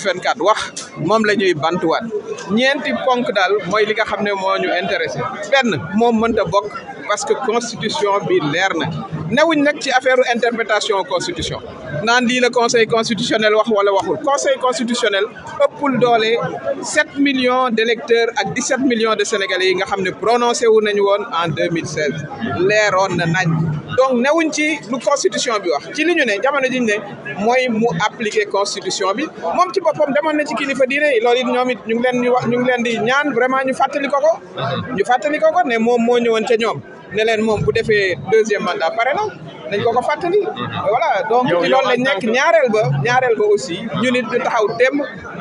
F24 wax moom la ñuy bantuwaat ñeenti ponk daal mooy li nga xam ne moo ñu intéressé benn moom mënta bokk parce que constitution bi leer na newuñ nag ci affaire interprétation constitution naan lii la conseil constitutionnel wax wala waxul conseil constitutionnel ëppul doole 7 million d' électeurs ak 17 million de sénégalais yi nga xam ne prononcé wu nañu woon en 2016 leeroon na nañ. donc newuñ ci lu constitution bi wax ci li ñu ne jamono ji ne mooy mu appliquer constitution bi moom ci boppam demoon na ci kilifa diine yi loolu it ñoom ñu ngi leen di wax ñu ngi leen di ñaan vraiment ñu fàttali ko ko ñu fàttali ko ne moom moo ñëwoon ce ñoom ne leen moom bu defee deuxième mandat pare na nañ ko ko fàttali voilà donc ci loolu lañ nekk ñaareel ba ñaareel ba aussi ñu nit ñu taxaw tem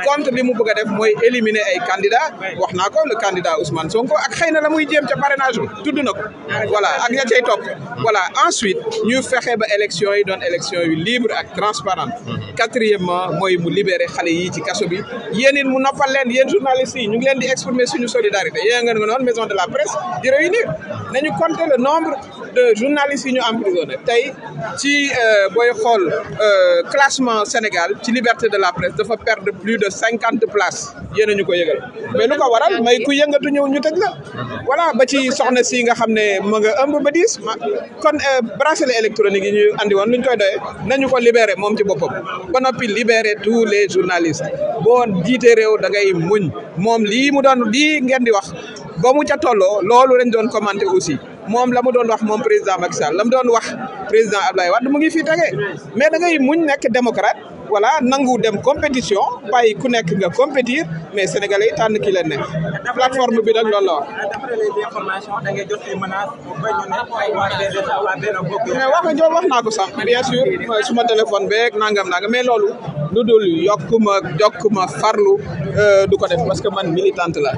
contre li mu bëgg def mooy éliminer ay candidats wax naa ko le candidat Ousmane Sonko ak xëy na la muy jéem ca parrainage bi tudd na ko voilà ak ña cay topp voilà ensuite ñu fexe ba élection yi doon élection yu libre ak transparente mhm. quatrièmement mooy mu libérer xale yi ci kaso bi yéen it mu noppal leen yéen journalistes yi ñu ngi leen di exprimer suñu solidarité yéen ngeen nga noonu maison de la tey ci euh, booy xool euh, classement Sénégal ci liberté de la presse dafa perdre plus de cinquante places yéen a ñu ko yëgal mais lu ko waral may ku yëngatu ñëw ñu tëj la voilà ba ci soxna si nga xam ne mu nga ëmb ba diis kon euh, bracelet électronique yi ñu andi woon lu ñu koy doyee nañu ko libéré moom ci boppam ba noppi libere tous les journalistes boo jiite réew da ngay muñ moom lii mu doon lii ngeen di wax ba mu ca tolloo loolu lañ doon commenté aussi moom la mu doon wax moom président Macky Sall la mu doon wax président Abdoulaye Wade mu ngi fii tege mais da ngay muñ nekk démocrate voilà nangu dem compétition bàyyi ku nekk nga compétir mais sénégalais i tànn ki leen nekk plateforme bi nag loolu la wax. d'après les da ngay jot ay menaces ba ñu ne ay mais wax nga joo wax naa ko sax bien sûr suma téléphone beeg nangam nangam mais loolu. lu dul yokk ma jokk ma farlu euh, du ko def parce que man militante la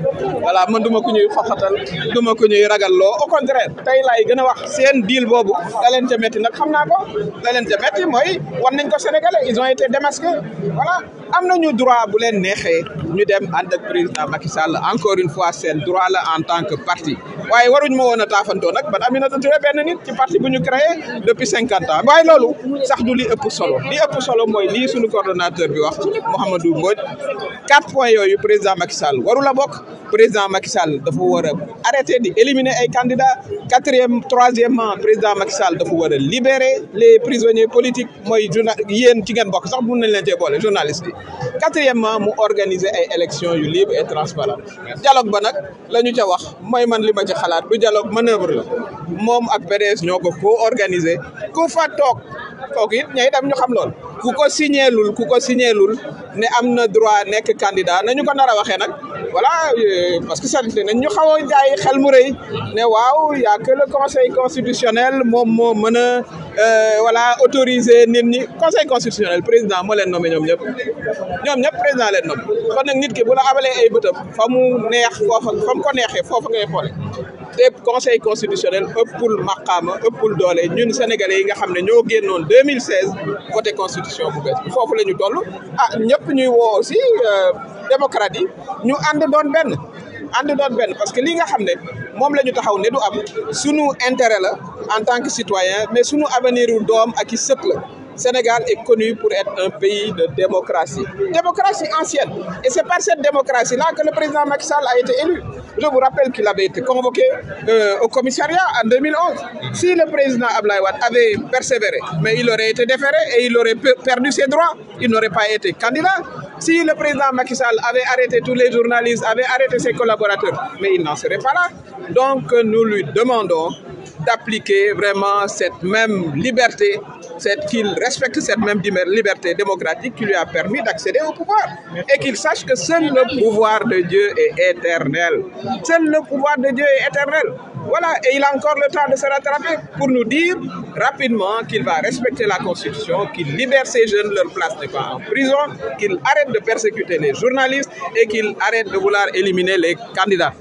voilà man du ma ku ñuy xoxatal du ma ku ñuy ragal loo au contraire tey laay gën a wax seen deal boobu da leen ca métti nag xam naa ko da leen ca métti mooy wan nañ ko sénégalais ils ont été démasqués voilà am nañu droit bu leen neexee ñu dem ànd ak président Macky Sall encore une fois seen droit la en tant que parti waaye waruñ ma woon a taafantoo nag man Aminata Touré benn nit ci parti bu ñu créé depuis cinquante ans waaye loolu sax du li ëpp solo li ëpp solo mooy lii suñu coordonnateur bi wax Mouhamadou Mbodj quatre points yooyu président Macky Sall waru la bokk président Macky Sall dafa war a arrêter di éliminer ay candidats quatrième troisièmement président Macky Sall dafa war a libérer les prisonniers politiques mooy journal yéen ci ngeen bokk sax mun nañ leen cee boole journaliste yi quatrièmement mu organiser ay élections yu libre et transparent dialogue ba nag la ñu ca wax mooy man li ma ci xalaat bu dialogue manœuvre la moom ak PDS ñoo ko co organiser ku fa toog toog it ñay dem ñu xam lool ku ko signeelul ku ko signeelul ne am na droit nekk candidat nañu ko nar a waxee nag voilà euh, parce que sant nañ ñu xaw a jaay xel mu rëy ne waaw yaa que le conseil constitutionnel moom moo mën a euh, voilà autoriser nit ñi conseil constitutionnel président moo leen nommé ñoom ñëpp ñoom ñëpp président leen nommé kon nag nit ki bu la abalee ay bëtam fa mu neex foofa fa mu ko neexee foofa ngay xoole te conseil constitutionnel ëppul maqaama ëppul doole ñun sénégalais yi nga xam ne ñoo génnoon 2016 voté constitution bu bees foofu la ñu toll ah ñëpp ñuy woo aussi euh, démocrate yi ñu ànd doon benn ànd doon benn parce que li nga xam ne moom la ñu taxaw ne du am sunu intérêt la en tant que citoyen mais sunu avenir doom ak i sët la Sénégal est connu pour être un pays de démocratie. Démocratie ancienne. Et c'est par cette démocratie-là que le président Macky a été élu. Je vous rappelle qu'il avait été convoqué euh, au commissariat en Si le président Ablaï avait persévéré, mais il aurait été déféré et il aurait perdu ses droits, il n'aurait pas été candidat. Si le président Macky Sall avait arrêté tous les journalistes, avait arrêté ses collaborateurs, mais il n'en serait pas là. Donc nous lui demandons d'appliquer vraiment cette même liberté qu'il respecte cette même liberté démocratique qui lui a permis d'accéder au pouvoir. Et qu'il sache que seul le pouvoir de Dieu est éternel. Seul le pouvoir de Dieu est éternel. Voilà, et il a encore le temps de se rattraper pour nous dire rapidement qu'il va respecter la Constitution, qu'il libère ces jeunes, leur place n'est pas en prison, qu'il arrête de persécuter les journalistes et qu'il arrête de vouloir éliminer les candidats.